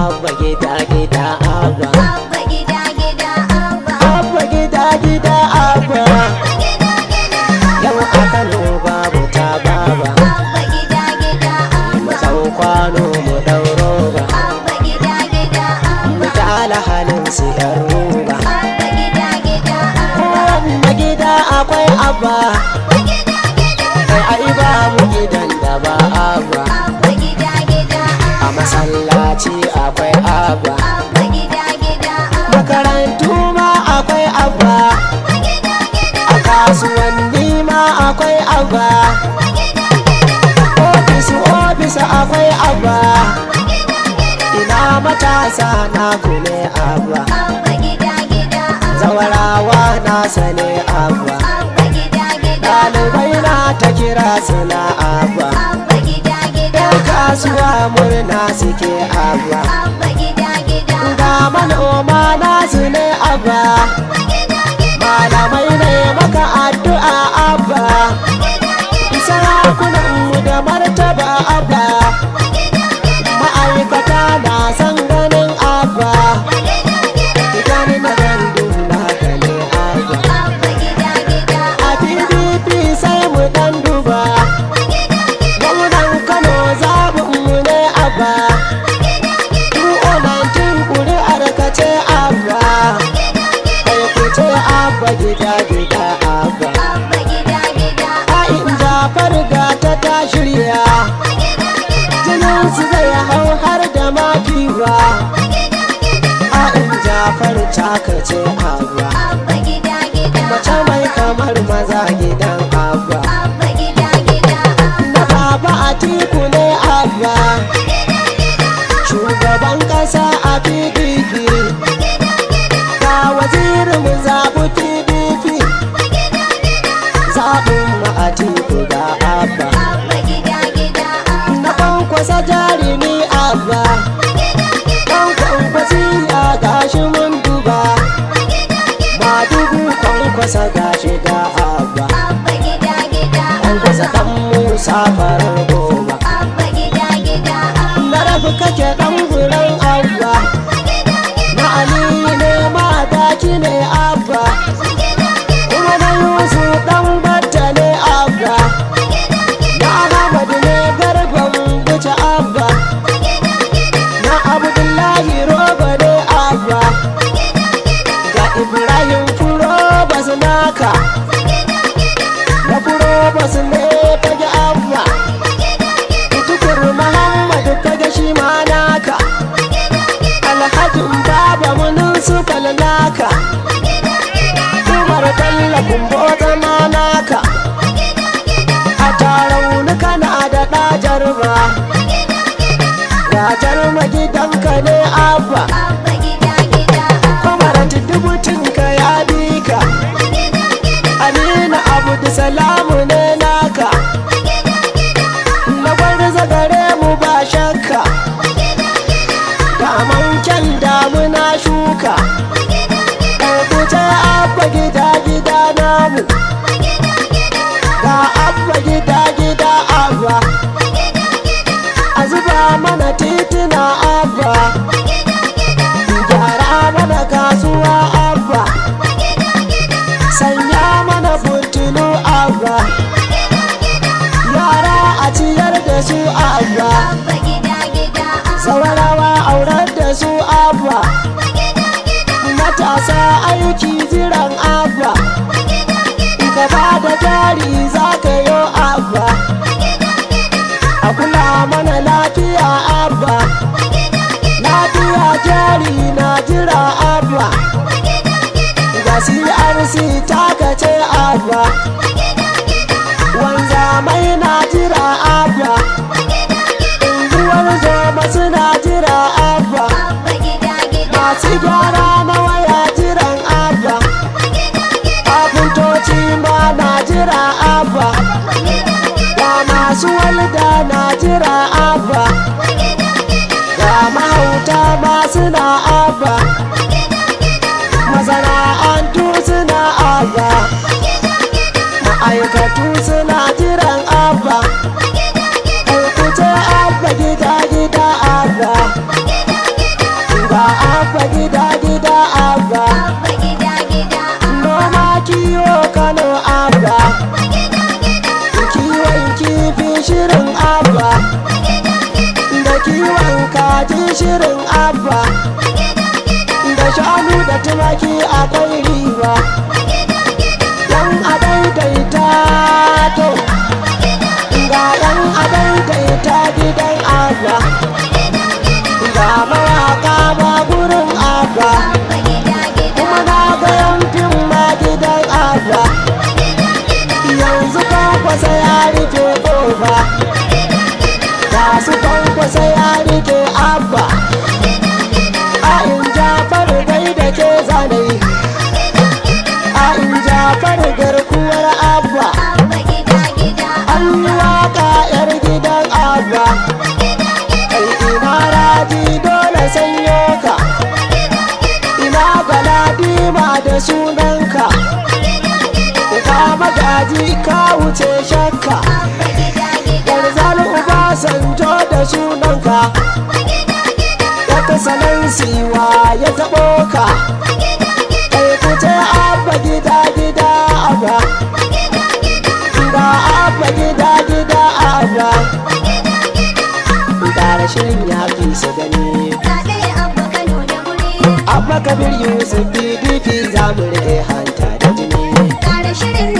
abba gida gida abba abba gida gida abba abba gida gida abba yau a Kano babu ta ba. abba gida gida abba kwano mu dau roba abba gida gida abba mu su yar abba gida gida abba akwai abba abba makarantu ma akwai abba a kasuwanni ma akwai abba ofis ofis akwai abba ina matasa na kune abba zawarawa na sane abba ɗalibai na ta kira suna abba kasuwa murna suke abba abba gida gida ga manoma nasu ne abba taka ce a ruwa kwasa gashi da abba abba gida gida an kwasa dan musa MC taka ce abba Wanza mai na jira abba Inzuwar zoma suna jira abba Masu gyara na waya jiran abba Kafintoci ma na jira abba Da masu walda na jira abba shirin abba da shanu da tumaki ri ba. magaji ka wuce shakka ba uba da sunanka wata salon siwa ya taɓo ka kai kuce abba gida gida abba gida abba gida gida abba shirin ya fi gani abba kabir yusuf pdp za mu hanta da jini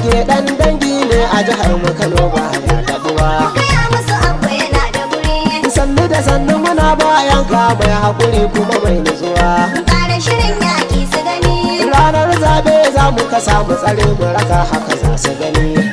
ke dan dangi ne a jihar mu Kano ba ya kaduwa musu abu yana da guri Sannu da sannu muna bayan ka mai hakuri kuma mai nutsuwa Tsara shirin yaki su gani Ranar zaɓe za mu kasa mu tsare mu raka haka za su gani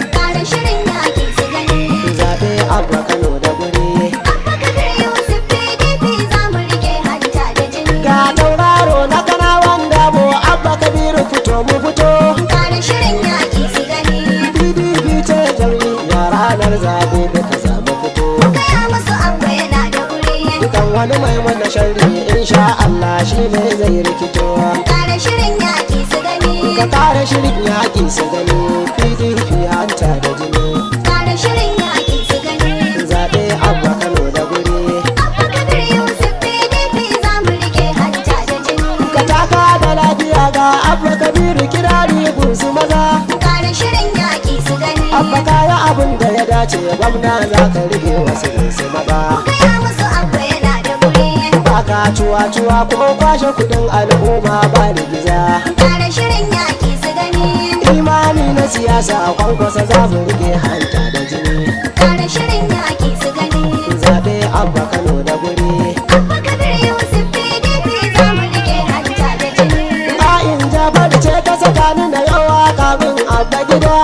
insha Allah shi ne zai rikito kare shirin yaƙi su gani ka kare shirin yaƙi su gani pdp hanta da jini kare shirin yaƙi su gani zaɓe abba kano da guri abba kabir yusuf pdp za mu rike hanta da jini ka taka da lafiya ga abba kabir kirari gunsu maza kare shirin yaƙi su gani abba kaya abin da ya dace gwamna za ka rike wasu gunsu maza na tuwa-tuwa ko kwashe kudin al'umma ba da giza kare shirin yaki su gani imani na siyasa a kwankwasa za mu rike hanta da jini kare shirin yaki su gani zaɓe abba kano da guri abba kabir yusuf pdp za mu rike hanta da jini ka'in jabar ce ta saka da yawa kamin abba gida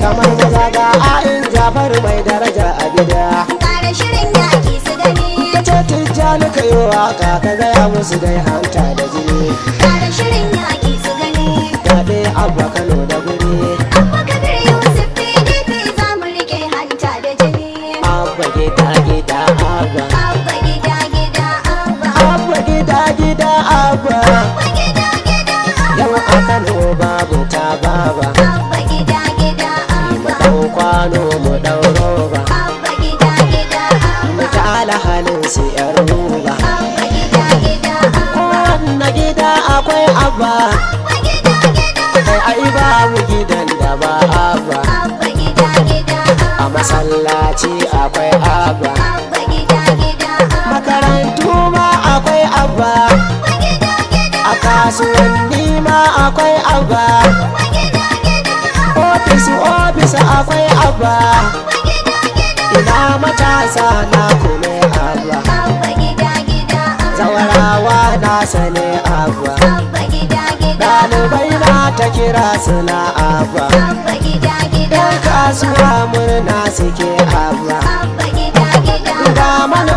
kamar na zaga a in jafar mai daraja a gida ƙara shirin da ake su gani ta tijjani kayowa ka ka gaya musu dai hanta da jini abba ai ba mu gidan da ba abba a masallaci akwai abba makarantu ma akwai abba a kasuwanni ma akwai abba ofis ofis akwai abba ina matasa na kome abba zawarawa na sane abba ta kira suna abba Yan kasuwa murna suke abba